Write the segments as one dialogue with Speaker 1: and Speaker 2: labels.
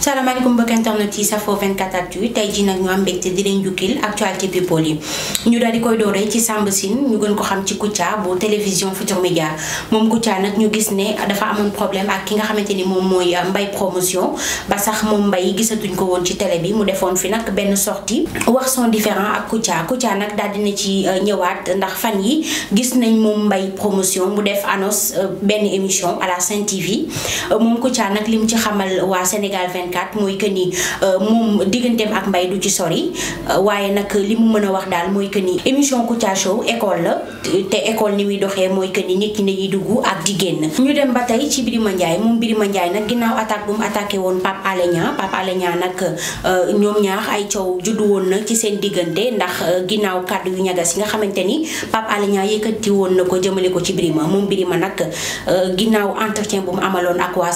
Speaker 1: salaamaaleykum mbokk internet yi safo 24 actu yi tey jii nag ñu am mbégte di leen jukkil actualité people yi ñu daal di koy dooree ci Samba Sine ñu gën ko xam ci Kouthia bu télévision Futurs Médias moom Kouthia nag ñu gis ne dafa amoon problème ak ki nga xamante ni moom mooy euh, Mbaye promotion ba sax moom Mbaye gisatuñ ko woon ci télé bi mu defoon fi nag benn sortie wax son différent ak Kouthia Kouthia nag daal dina ci euh, ñëwaat ndax fan yi gis nañ moom Mbaye promotion mu def annonce euh, benn émission à la Sen TV moom Kouthia nag li mu ci xamal waa Sénégal 24 2024 mooy que ni euh, moom digganteem ak mbay du ci sori euh, waaye nag li mu mën a wax daal mooy que ni émission Kouthia école la te école ni muy doxee mooy que ni nit ñi dañuy dugg ak di génn. ñu dem ba tey ci Birima Ndiaye moom Birima Ndiaye nag ginnaaw attaque bu mu attaqué woon Pape Alé Niang Pape Alé nag euh, ñoom ñaax ay coow juddu woon na ci seen diggante ndax ginnaaw kàddu yu ñagas yi nga xamante ni Pape Alé Niang yëkkati woon na ko jëmale ko ci Birima moom Birima nag ginnaaw entretien bu amaloon ak waa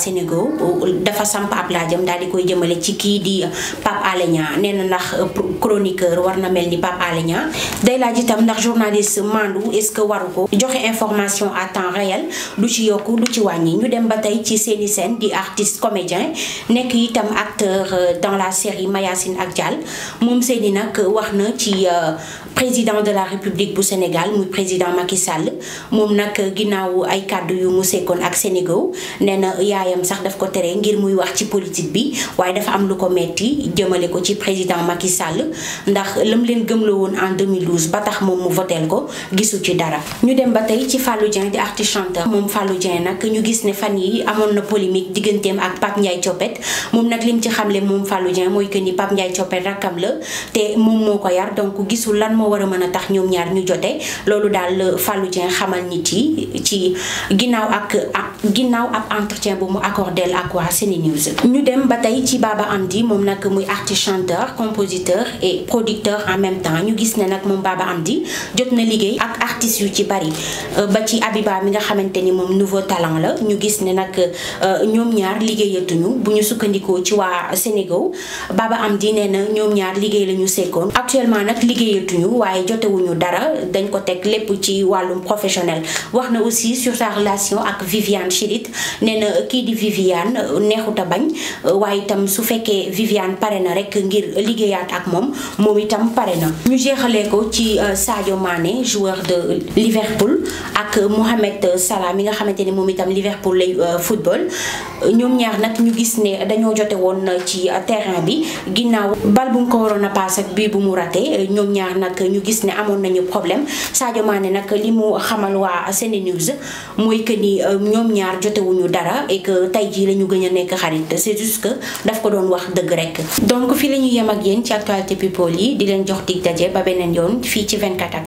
Speaker 1: di koy jëmale ci kii di Pape Alé Niang nee na ndax euh, chroniqueur war na mel ni Pape Alé Niang day laaj itam ndax journaliste mandu est-ce que waru ko joxe information à temps réel du ci yokku du ci wàññi ñu dem ba tey ci seeni scène di artiste comédien nekk itam acteur euh, dans la série Mayacine ak Dial moom seeni nag wax na ci euh, président de la République bu Sénégal mu président Macky Sall moom nag ginnaaw ay kàddu yu mu sekkoon ak Sénégal nee na yaayam sax daf ko tere ngir muy wax ci politique bi yi waaye dafa am lu ko metti jëmale ko ci président Macky Sall ndax lam leen gëmloo woon en 2012 ba tax moom mu voteel ko gisu ci dara. ñu dem ba tey ci Fallou Dieng di artiste moom Fallou Dieng nag ñu gis ne fan yi amoon na polémique digganteem ak Pape Ndiaye Thiopet moom nag lim ci xamle moom Fallou Dieng mooy que ni Pape Ndiaye Thiopet rakkam la te moom moo ko yar donc gisul lan moo war a mën a tax ñoom ñaar ñu jote loolu daal Fallou Dieng xamal nit yi ci ginnaaw ak ginnaaw ab entretien bu mu accordé ak waa Sénénews ñu tey ci Baba Hamdy moom nag muy artiste chanteur compositeur et producteur en même temps ñu gis ne nag moom am Hamdy jot na liggéey ak artistes yu ci bari euh, ba ci Abiba mi nga xamante ni moom nouveau talent la ñu gis ne nag euh, ñoom ñaar liggéeyatuñu bu ñu sukkandikoo ci waa Sénégal Baba Hamdy nee na ñoom ñaar liggéey lañu ñu actuellement nag liggéeyatuñu waaye jotewuñu dara dañ ko teg lépp ci wàllum professionnel wax na aussi sur sa relation ak Viviane Chidid nee na kii di Viviane euh, waaye itam su fekkee Viviane pare na rek ngir liggéeyaat ak moom moom itam pare na ñu jeexalee ko ci euh, Sadio Mané joueur de Liverpool ak Mohamed Salah mi nga xamante ne moom itam Liverpool lay euh, football ñoom ñaar nag ñu gis ne dañoo jote woon ci euh, terrain bi ginnaaw bal bu ko waroon a paas ak bu mu raté ñoom ñaar nag ñu gis ne amoon nañu problème Sadio Mané nag li mu xamal waa Sénénews mooy que ni ñoom ñaar jotewuñu dara et que tey jii la ñu nekk xarit c'est juste que daf ko doon wax dëgg rek donc fi la ñu yem ak yéen ci actualité people yi di leen jox dig daje ba beneen yoon fii ci 24